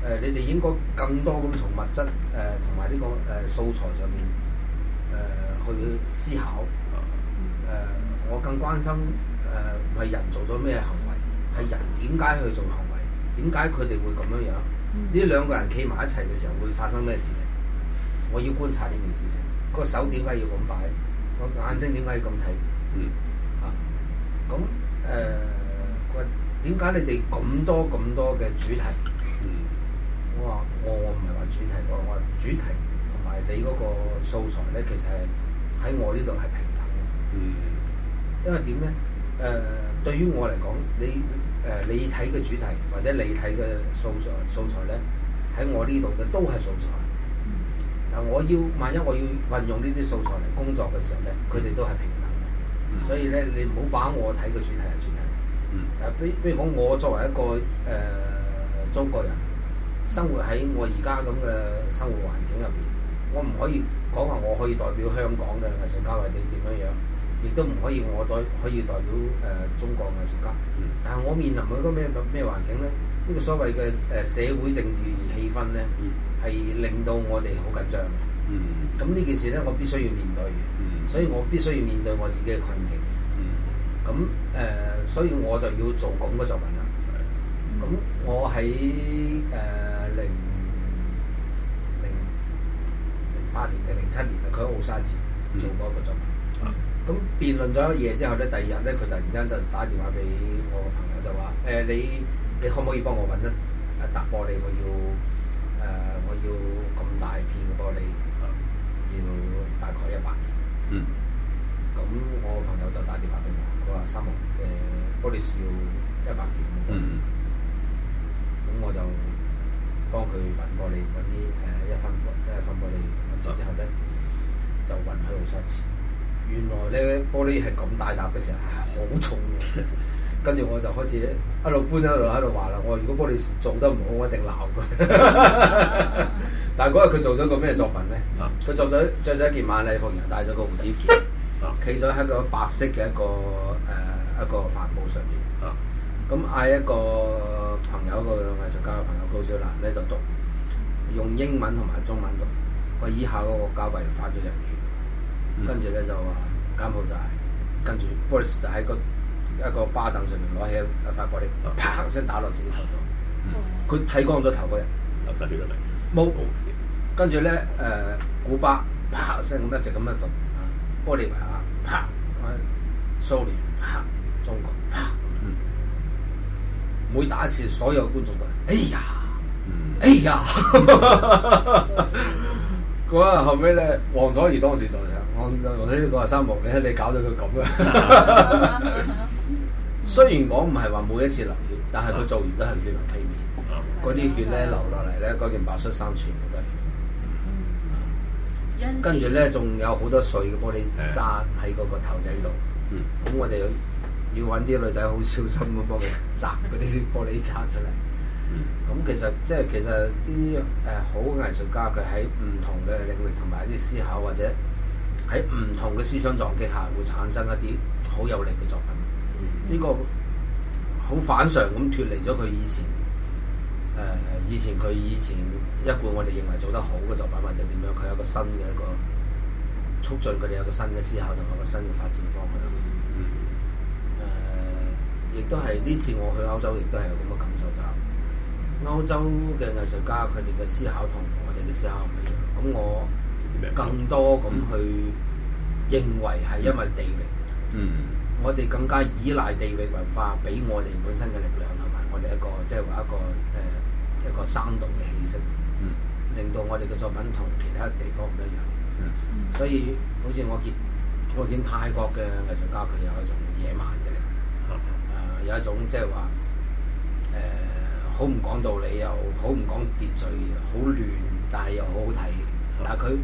誒、呃，你哋應該更多咁從物質誒同埋呢個誒、呃、素材上面誒、呃、去思考誒、呃。我更關心誒係、呃、人做咗咩行為，係人點解去做行為？點解佢哋會咁樣樣？呢兩個人企埋一齊嘅時候會發生咩事情？我要觀察呢件事情。個手點解要咁擺？個眼睛點解要咁睇？嗯啊，咁誒，點、呃、解你哋咁多咁多嘅主題？我我唔係話主題，我話主題同埋你嗰個素材咧，其實係喺我呢度係平等嘅。嗯。因為點咧？誒、呃，對於我嚟講，你誒、呃、你睇嘅主題或者你睇嘅素材素材咧，喺我呢度嘅都係素材。素材素材嗯。我要萬一我要運用呢啲素材嚟工作嘅時候咧，佢哋都係平等嘅。嗯、所以咧，你唔好把我睇嘅主題係主題。嗯。誒，比比如講，我作為一個誒、呃、中國人。生活喺我而家咁嘅生活環境入邊，我唔可以講話我可以代表香港嘅藝術家，或者點樣樣，亦都唔可以我代可以代表誒、呃、中國藝術家。但係我面臨嗰個咩咩環境咧？呢、這個所謂嘅誒社會政治氣氛咧，係令到我哋好緊張。嗯，咁呢件事咧，我必須要面對嘅，所以我必須要面對我自己嘅困境。嗯，咁誒，所以我就要做咁嘅作品啦、啊。咁我喺誒。零零八年定零七年啊！佢喺奧沙治做過一個作品。咁辯論咗嘢之後咧，第二日咧，佢突然間就打電話俾我個朋友，就話：誒，你你可唔可以幫我揾一一沓玻璃？我要誒，我要咁大片嘅玻璃，要大概一百件。咁我個朋友就打電話俾我，佢話：三木誒，玻璃要一百件。咁我就。幫佢揾玻璃，揾啲誒一分誒玻璃嚟，揾咗之後咧，就運去度塞錢。原來咧玻璃係咁大笪嘅時候係好、啊、重，跟住我就開始一路搬一路喺度話啦：我如果玻璃做得唔好，我一定鬧佢。 但係嗰日佢做咗個咩作品咧？佢做咗著咗一件晚禮服，然後戴咗個蝴蝶結，企咗喺個白色嘅一個誒一，一個帆布上面。咁嗌一個。朋友，一個藝術家嘅朋友高少蘭咧，就讀用英文同埋中文讀，我以下個國家違反咗人權，嗯、跟住咧就話柬埔寨，跟住 Boris 就喺個一個巴凳上面攞起一塊玻璃，啪聲、啊、打落自己頭度，佢剃、嗯、光咗頭，個人流曬血出嚟，冇有。哦、跟住咧誒古巴啪聲，咁一直咁樣讀，啊，玻利維亞啪，蘇聯啪，中國啪。每打一次，所有觀眾都，哎呀，嗯、哎呀，嗰日 後尾咧，王祖賢當時就嚟我我同你講話三木，你你搞到佢咁啊！ 雖然我唔係話每一次流血，但係佢做完都係血淋淋。嗰啲、啊、血咧、啊、流落嚟咧，嗰件白恤衫全部都，嗯、跟住咧仲有好多碎嘅玻璃渣喺嗰個頭頂度。咁我哋。要揾啲女仔好小心咁幫佢摘嗰啲玻璃摘出嚟。咁其實即係其實啲誒好嘅藝術家，佢喺唔同嘅領域同埋一啲思考，或者喺唔同嘅思想撞擊下，會產生一啲好有力嘅作品。呢 個好反常咁脫離咗佢以前誒、呃、以前佢以前一貫我哋認為做得好嘅作品，或者點樣？佢有一個新嘅一個促進佢哋有一個新嘅思考同埋個新嘅發展方向。亦都係呢次我去歐洲，亦都係有咁嘅感受，就是，就歐洲嘅藝術家佢哋嘅思考同我哋嘅思考唔一樣，咁我更多咁去認為係因為地域，嗯，我哋更加依賴地域文化俾我哋本身嘅力量同埋我哋一個即係話一個誒、呃、一個生動嘅氣息，嗯，令到我哋嘅作品同其他地方唔一樣。嗯，所以好似我見我見泰國嘅藝術家，佢有一種野蠻嘅。有一種即係話誒，好、呃、唔講道理，又好唔講秩序，好亂，但係又好好睇。但係佢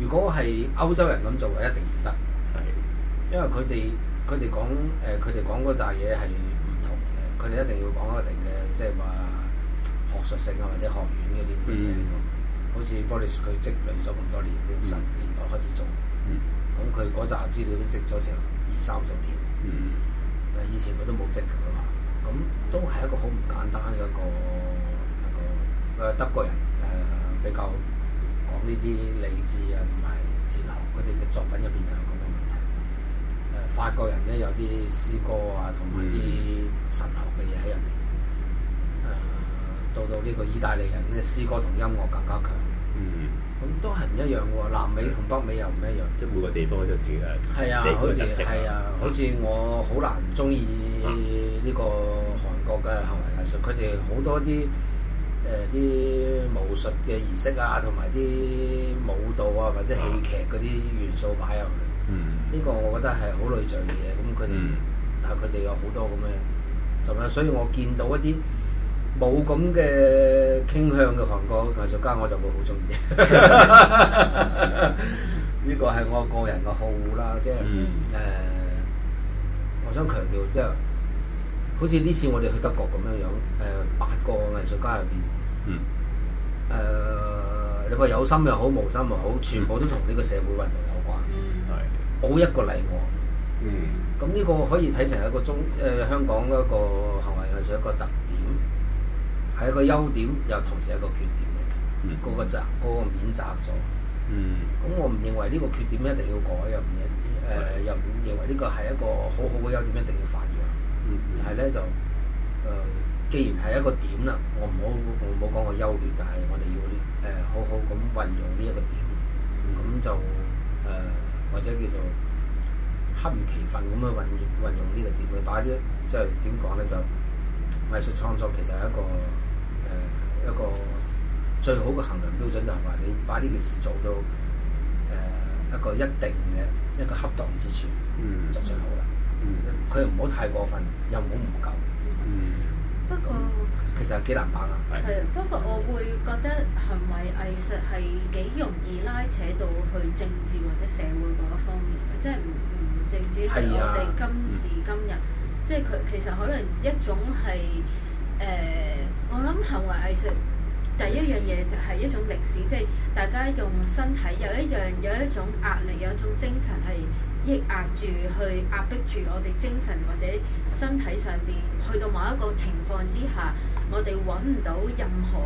如果係歐洲人咁做，就一定唔得。係，因為佢哋佢哋講誒，佢、呃、哋講嗰扎嘢係唔同嘅。佢哋一定要講一定嘅，即係話學術性啊，或者學院嘅理念喺度。好似 Boris 佢積累咗咁多年，十、嗯、年代開始做。咁佢嗰紮資料都積咗成二三十年。嗯嗯以前佢都冇職㗎嘛，咁都係一個好唔簡單嘅一個一個誒德國人，誒、呃、比較講呢啲理智啊同埋哲學嗰啲嘅作品入邊有咁嘅問題，誒、呃、法國人咧有啲詩歌啊同埋啲神學嘅嘢喺入面，誒、呃、到到呢個意大利人咧詩歌同音樂更加強。嗯。咁都係唔一樣喎，南美同北美又唔一樣，即每個地方嘅嘅特色。係啊，好似係啊，好似我好難中意呢個韓國嘅行為藝術，佢哋好多啲誒啲巫術嘅儀式啊，同埋啲舞蹈啊，或者戲劇嗰啲元素擺入去。嗯、啊。呢個我覺得係好類像嘅嘢，咁佢哋，嗯、但係佢哋有好多咁嘅，就係所以我見到一啲。冇咁嘅傾向嘅韓國藝術家，我就會好中意。呢個係我個人嘅嗜好啦，即係誒，我想強調，即係好似呢次我哋去德國咁樣樣，誒八個藝術家入面，嗯誒你話有心又好，無心又好，全部都同呢個社會運動有關，係，冇一個例外，嗯嗯。咁呢個可以睇成一個中誒，香港一個行為藝術一個特點，係一個優點，又同時係一個缺點嚟嘅。嗰、嗯、個窄，嗰、嗰個面窄咗。嗯。咁我唔認為呢個缺點一定要改，又唔認誒，又認為呢個係一個好好嘅優點，一定要發揚。嗯嗯、但係咧就誒、呃，既然係一個點啦，我唔好我冇講個優劣，但係我哋要誒好好咁運用呢一個點。呃、好好個點嗯。咁就誒、呃，或者叫做恰如其分咁去運運用呢個點，去把啲即係點講咧就藝術創作其實係一個。誒、呃、一個最好嘅衡量標準就係話，你把呢件事做到誒、呃、一個一定嘅一個恰當之處，嗯、就最好啦。嗯，佢唔好太過分，又唔好唔夠。嗯，嗯，不過其實幾難把握。係啊是，不過我會覺得行為藝術係幾容易拉扯到去政治或者社會嗰一方面，即係唔唔淨止喺我哋今時今日，即係佢其實可能一種係。誒、呃，我諗行為藝術第一樣嘢就係一種歷史，歷史即係大家用身體有一樣有一種壓力，有一種精神係抑壓住、去壓迫住我哋精神或者身體上面，去到某一個情況之下，我哋揾唔到任何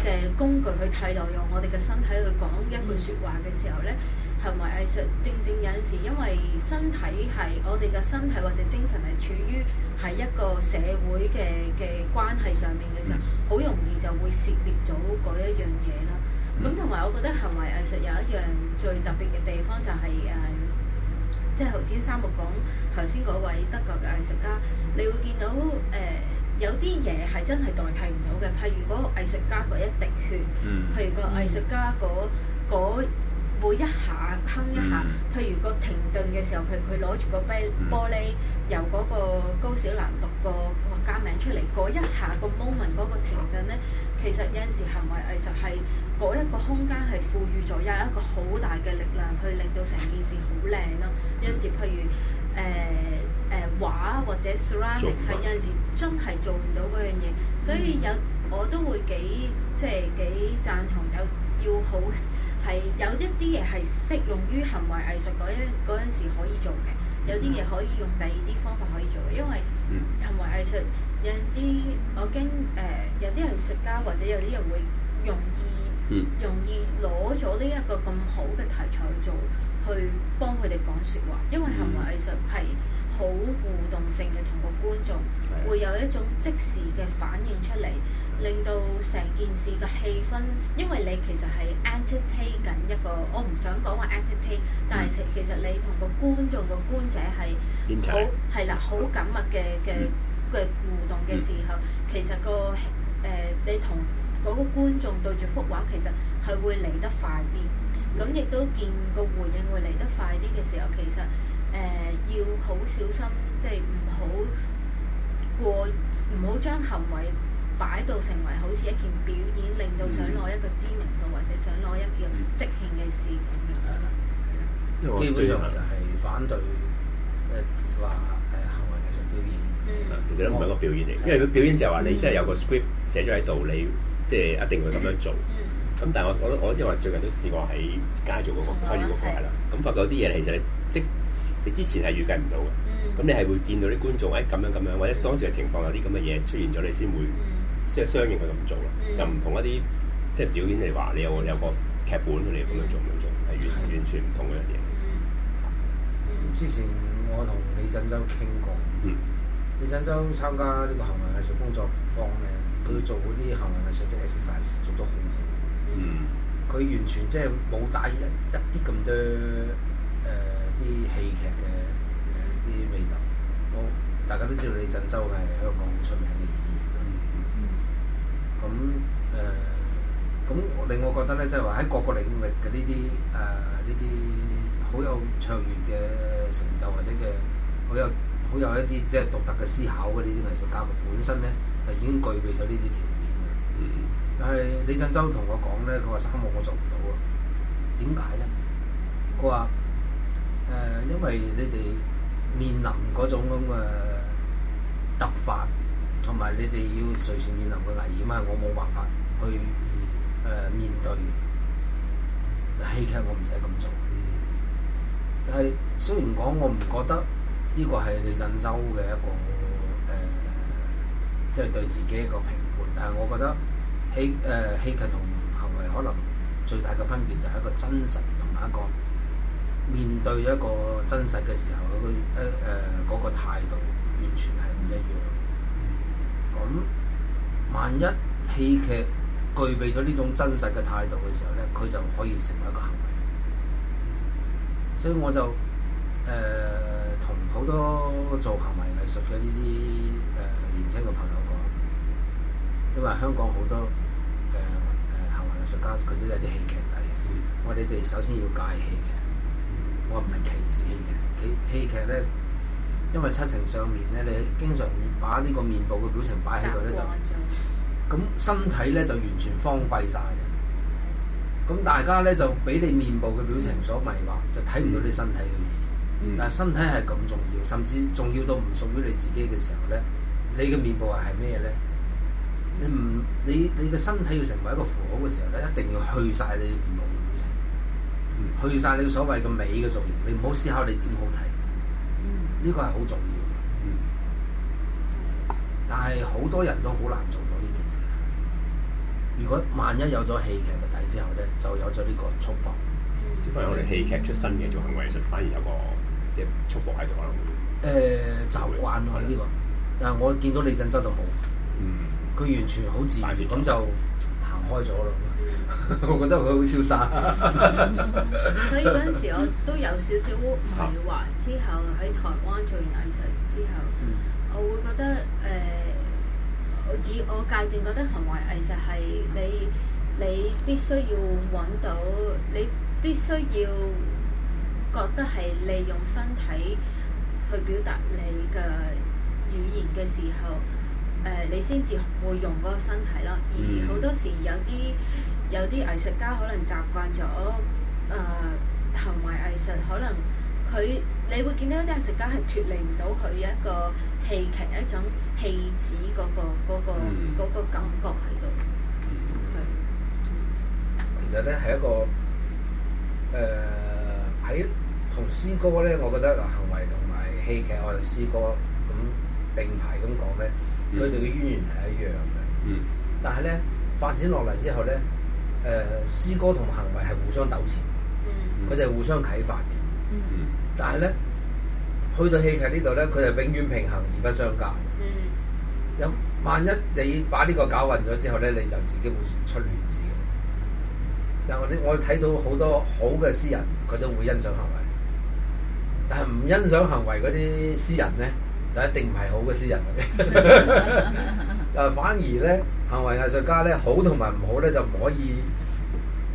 嘅工具去替代用我哋嘅身體去講一句説話嘅時候咧。嗯行為藝術正正有陣時，因為身體係我哋嘅身體或者精神係處於喺一個社會嘅嘅關係上面嘅時候，好容易就會涉獵咗嗰一樣嘢啦。咁同埋我覺得行為藝術有一樣最特別嘅地方就係、係、誒，即係頭先三木講頭先嗰位德國嘅藝術家，你會見到誒、呃、有啲嘢係真係代替唔到嘅，譬如嗰個藝術家嗰一滴血，譬如個藝術家嗰、嗰個。嗰個每一,一下，哼一下，hmm. 譬如個停頓嘅時候，佢佢攞住個玻璃，mm hmm. 由嗰個高小蘭讀個國家名出嚟，嗰一下個 moment 嗰個停頓咧，其實有陣時行為藝術係嗰一個空間係賦予咗，有一個好大嘅力量去令到成件事好靚咯。有陣時譬如誒誒、呃呃、畫或者 ceramics，做法。有陣時真係做唔到嗰樣嘢，所以有我都會幾即係幾贊同，有要好。係有一啲嘢係適用於行為藝術嗰一嗰陣時可以做嘅，有啲嘢可以用第二啲方法可以做嘅，因為行為藝術有啲我驚誒、呃、有啲藝術家或者有啲人會容易、嗯、容易攞咗呢一個咁好嘅題材去做，去幫佢哋講説話，因為行為藝術係，好互動性嘅同個觀眾，會有一種即時嘅反應出嚟，令到成件事嘅氣氛，因為你其實係 entertain 緊一個，我唔想講話 entertain，但係其其實你同個觀眾個觀者係好，係啦 In time.，好緊密嘅嘅嘅互動嘅時候，其實個誒、呃、你同嗰個觀眾對住幅畫，其實係會嚟得快啲，咁亦都見個回應會嚟得快啲嘅時候，其實。誒要好小心，即係唔好過唔好、嗯、將行為擺到成為好似一件表演，令到想攞一個知名度或者想攞一件即興嘅事咁樣啦。因為我最常就係反對誒話行為係做表演，其實咧唔係一個表演嚟，嗯、因為如果表演就係話你真係有個 script 寫咗喺度，你即係一定會咁樣做。咁、嗯、但係我我我即係話最近都試過喺街做嗰、嗰個開語嘅嘢啦，咁發覺啲嘢其實你即你之前係預計唔到嘅，咁你係會見到啲觀眾誒咁樣咁樣，或者當時嘅情況有啲咁嘅嘢出現咗、嗯，你先會即係相應去咁做啦，就唔同一啲即係表演嚟話，你有有個劇本嚟咁樣做唔做，係完完全唔同嗰樣嘢。嗯嗯、之前我同李振洲傾過，李振洲參加呢個行為藝術工作坊咧，佢做嗰啲行為藝術啲 exercise 做得好好，佢、嗯嗯、完全即係冇打一啲咁多。啲戲劇嘅嘅啲味道，大家都知道李振洲係香港好出名嘅演員。咁誒、嗯呃，咁令我覺得咧，即係話喺各個領域嘅呢啲誒呢啲好有卓越嘅成就或者嘅好有好有一啲即係獨特嘅思考嘅呢啲藝術家，本身咧就已經具備咗呢啲條件、嗯、但係李振洲同我講咧，佢話三木我做唔到啊。點解咧？佢話。因為你哋面臨嗰種咁嘅突發，同埋你哋要隨時面臨嘅危險啊，我冇辦法去、呃、面對。但戲劇我唔使咁做，嗯、但係雖然講我唔覺得呢個係李振洲嘅一個即係、呃即係、對自己一個評判，但係我覺得戲誒、呃、戲劇同行為可能最大嘅分別就係一個真實同埋一個。面對一個真實嘅時候，佢一誒嗰個態度完全係唔一樣。咁、嗯，嗯、萬一戲劇具備咗呢種真實嘅態度嘅時候呢，佢就可以成為一個行為。所以我就誒同好多做行為藝術嘅呢啲誒年輕嘅朋友講，因為香港好多誒誒、呃、行為藝術家佢都有啲戲劇底嘅，我哋哋首先要戒戲嘅。我唔係歧視戲劇，戲劇呢，因為七情上面呢，你經常會把呢個面部嘅表情擺喺度呢，就咁了身體呢，就完全荒廢晒嘅。咁、嗯、大家呢，就俾你面部嘅表情所迷惑，就睇唔到你身體嘅意義。嗯、但係身體係咁重要，甚至重要到唔屬於你自己嘅時候呢，你嘅面部係咩呢？嗯、你唔你你嘅身體要成為一個符號嘅時候呢，一定要去晒你面部。去晒你所謂嘅美嘅造型，你唔好思考你點好睇，呢、嗯、個係好重要、嗯、但係好多人都好難做到呢件事。如果萬一有咗戲劇嘅底之後呢，就有咗呢個束縛。只不過我哋戲劇出身嘅做行為藝術，反而有個即係束縛喺度可能。誒習慣啊呢個，呃會會這個、但係我見到李鎮洲就冇。佢、嗯、完全好自然咁就行開咗咯。 我覺得佢好瀟灑 所以嗰陣時我都有少少，少迷惑，之後喺台灣做完藝術之後，我會覺得誒、呃，以我界定覺得行為藝術係你你必須要揾到，你必須要覺得係利用身體去表達你嘅語言嘅時候，誒、呃、你先至會用嗰個身體咯。而好多時有啲。有啲藝術家可能習慣咗，誒、呃、行為藝術可能佢你會見到有啲藝術家係脱離唔到佢一個戲劇、嗯、一種戲子嗰、嗰個嗰、嗰個嗰個嗰個、感覺喺度、嗯。嗯、其實咧係一個誒喺同詩歌咧，我覺得啊行為同埋戲劇或者詩歌咁並排咁講咧，佢哋嘅淵源係一樣嘅。嗯，嗯但呢，但係咧發展落嚟之後咧。誒、呃、詩歌同行為係互相糾纏，佢哋、mm hmm. 互相啟發嘅。Mm hmm. 但係咧，去到戲劇呢度咧，佢哋永遠平衡而不相隔。有、mm hmm. 萬一你把呢個搞混咗之後咧，你就自己會出亂子嘅。但我哋我睇到好多好嘅詩人，佢都會欣賞行為，但係唔欣賞行為嗰啲詩人咧，就一定唔係好嘅詩人。 誒反而咧，行為藝術家咧，好同埋唔好咧就唔可以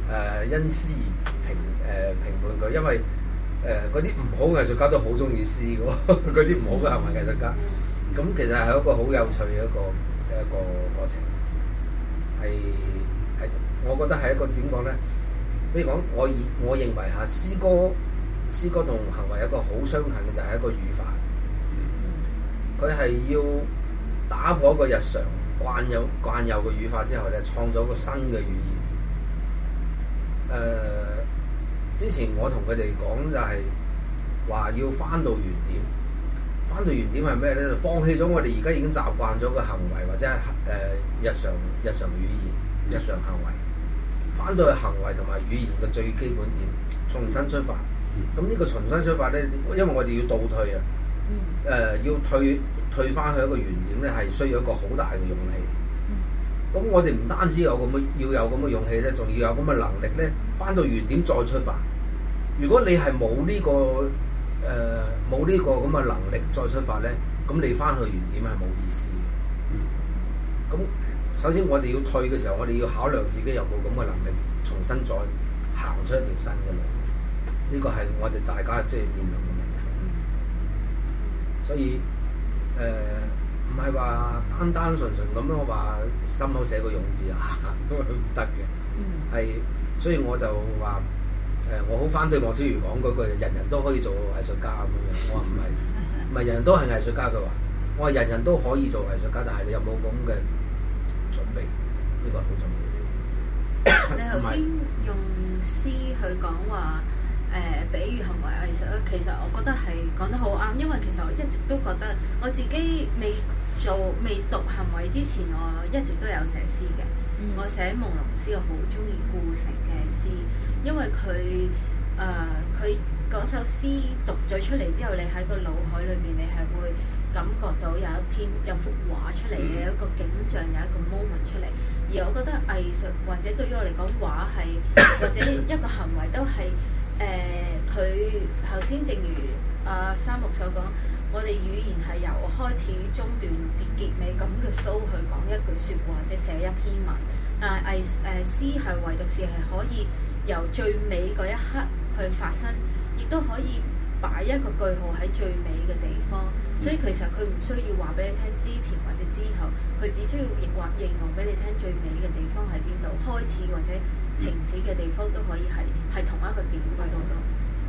誒、呃、因詩而評誒、呃、評判佢，因為誒嗰啲唔好嘅藝術家都、哦、 好中意詩㗎喎，嗰啲唔好嘅行為藝術家。咁其實係一個好有趣嘅一個一個過程，係係，我覺得係一個點講咧？比如講，我以我認為吓詩歌詩歌同行為一個好相近嘅就係一個語法，佢係要。打破一個日常慣有慣有嘅語法之後咧，創咗個新嘅語言。誒、呃，之前我同佢哋講就係話要翻到原點，翻到原點係咩咧？就放棄咗我哋而家已經習慣咗嘅行為或者係誒、呃、日常日常語言、日常行為，翻到去行為同埋語言嘅最基本點，重新出發。咁呢個重新出發咧，因為我哋要倒退啊。誒、呃、要退退翻去一個原點咧，係需要一個好大嘅勇氣。咁、嗯、我哋唔單止有咁嘅要有咁嘅勇氣咧，仲要有咁嘅能力咧，翻到原點再出發。如果你係冇呢個誒冇呢個咁嘅能力再出發咧，咁你翻去原點係冇意思嘅。咁、嗯、首先我哋要退嘅時候，我哋要考量自己有冇咁嘅能力重新再行出一條新嘅路。呢、呢個係我哋大家即係見。所以誒唔係話單單純純咁樣話心口寫個勇字啊，唔得嘅。係、mm. 所以我就話誒、呃，我好反對莫昭如講嗰句，人人都可以做藝術家咁樣。我話唔係，唔係 人人都係藝術家。佢話我話人人都可以做藝術家，但係你有冇咁嘅準備？呢個係好重要。你頭先用詩去講話。 誒、呃，比喻行為藝術咧，其實我覺得係講得好啱，因為其實我一直都覺得我自己未做未讀行為之前，我一直都有寫詩嘅、嗯。我寫朦朧詩，我好中意顧城嘅詩，因為佢誒佢嗰首詩讀咗出嚟之後，你喺個腦海裏面，你係會感覺到有一篇有一幅畫出嚟嘅，嗯、有一個景象有一個 moment 出嚟。而我覺得藝術或者對於我嚟講畫係，或者一個行為都係。誒，佢頭先正如阿、呃、三木所講，我哋語言係由開始、中段、結結尾咁嘅 flow 去講一句説話或者寫一篇文。但係藝誒詩係唯獨是係可以由最尾嗰一刻去發生，亦都可以擺一個句號喺最尾嘅地方。所以其實佢唔需要話俾你聽之前或者之後，佢只需要認或形容俾你聽最尾嘅地方喺邊度，開始或者。停止嘅地方都可以係係同一個點嗰度咯，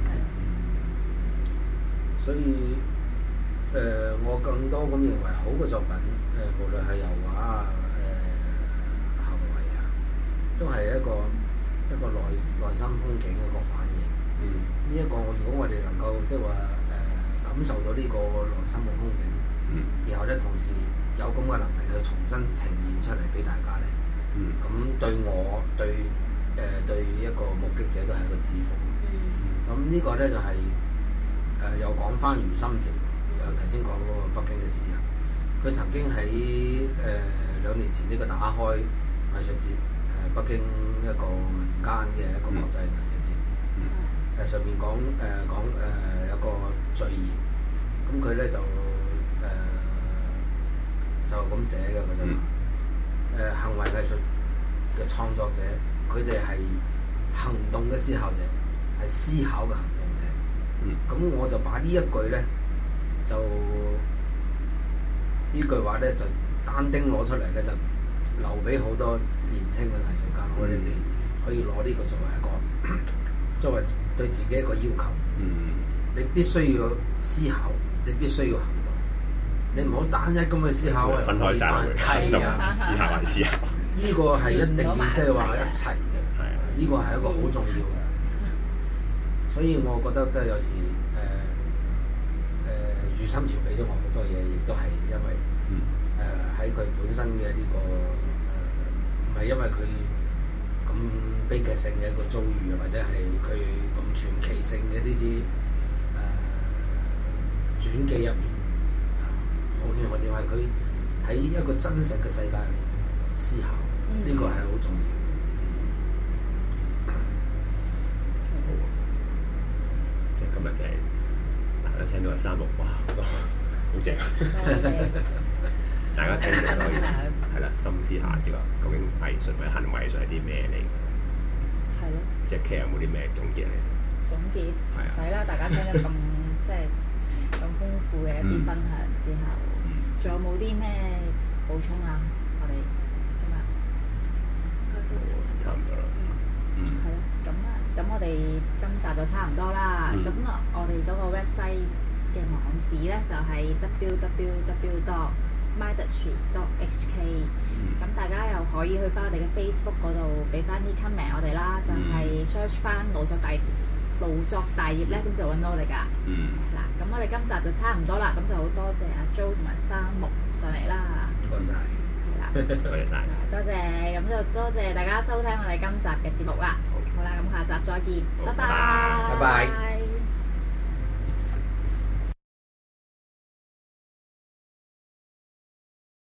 係的。嗯、所以誒、呃，我更多咁認為好嘅作品誒、呃，無論係油畫啊、誒行為啊，都係一個一個內內心風景嘅一個反應。嗯。呢一、這個如果我哋能夠即係話，誒、呃，感受到呢個內心嘅風景，嗯，然後咧同時有咁嘅能力去重新呈現出嚟俾大家咧，嗯，咁對我對。誒、呃、對一個目擊者都係一個滋福。咁、嗯啊這個、呢個咧就係誒又講翻餘心誠，又頭先講嗰個北京嘅事啊。佢曾經喺誒兩年前呢個打開藝術節，誒、呃、北京一個民間嘅一個國際藝術節，誒、嗯呃、上面講誒講誒有個序言，咁佢咧就誒、呃、就咁寫嘅嗰陣誒行為藝術嘅創作者。佢哋係行動嘅思考者，係思考嘅行動者。咁、嗯、我就把呢一句咧，就呢句話咧，就單丁攞出嚟咧，就留俾好多年青嘅藝術家，嗯、我哋哋可以攞呢個作為一個作為對自己一個要求。嗯、你必須要思考，你必須要行動。你唔好單一咁去思考啊！分開曬，行動思考係思考。呢個係一定要了即係話一齊嘅，係啊，呢個係一個好重要嘅。嗯、所以我覺得即係有時，誒，誒，餘心潮俾咗我好多嘢，亦都係因為誒，喺、呃、佢本身嘅呢、這個唔係、呃、因為佢咁悲劇性嘅一個遭遇，啊，或者係佢咁傳奇性嘅呢啲誒傳記入面，我見我哋為佢喺一個真實嘅世界入面，思考。呢個係好重要，好啊！即係今日就係嗱，聽到阿三木，哇，好正，大家聽到可以係啦，深思下呢個究竟藝術咪行為藝術係啲咩嚟？係咯，即係傾有冇啲咩總結咧？總結唔使啦，大家聽咗咁即係咁豐富嘅一啲分享之後，仲有冇啲咩補充啊？我哋差唔多啦，嗯，係咯、嗯，咁啊，咁我哋今集就差唔多啦，咁啊、嗯，我哋嗰個 website 嘅網址咧就係 w w w d o t m i d a n s t r e e t d o t h k 咁、嗯、大家又可以去翻我哋嘅 Facebook 嗰度俾翻啲 comment 我哋 com、嗯、啦，就係、是、search 翻腦作大業腦作大業咧，咁、嗯、就搵到我哋噶，嗱、嗯，咁我哋今集就差唔多啦，咁就好多謝阿 Jo 同埋三木上嚟啦，唔該晒。 多謝曬，多謝，咁就多謝大家收聽我哋今集嘅節目啦。Okay. 好啦，咁下集再見，拜拜，拜拜。